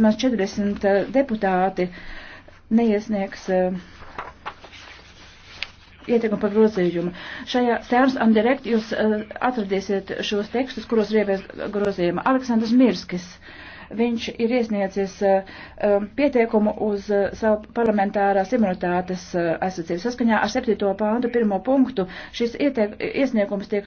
vismaz 40 eh, deputāti neiesniegs eh, ieteikumu par grozījumu. Šajā Terms and Direct jūs eh, atradīsiet šos tekstus, kuros rievēs grozījuma. Aleksandrs Mirskis. Viņš ir iesniecis pieteikumu uz savu parlamentārās imunitātes aizsardzību. Saskaņā ar 7. pāntu 1. punktu šis ieteik, iesniegums tiek.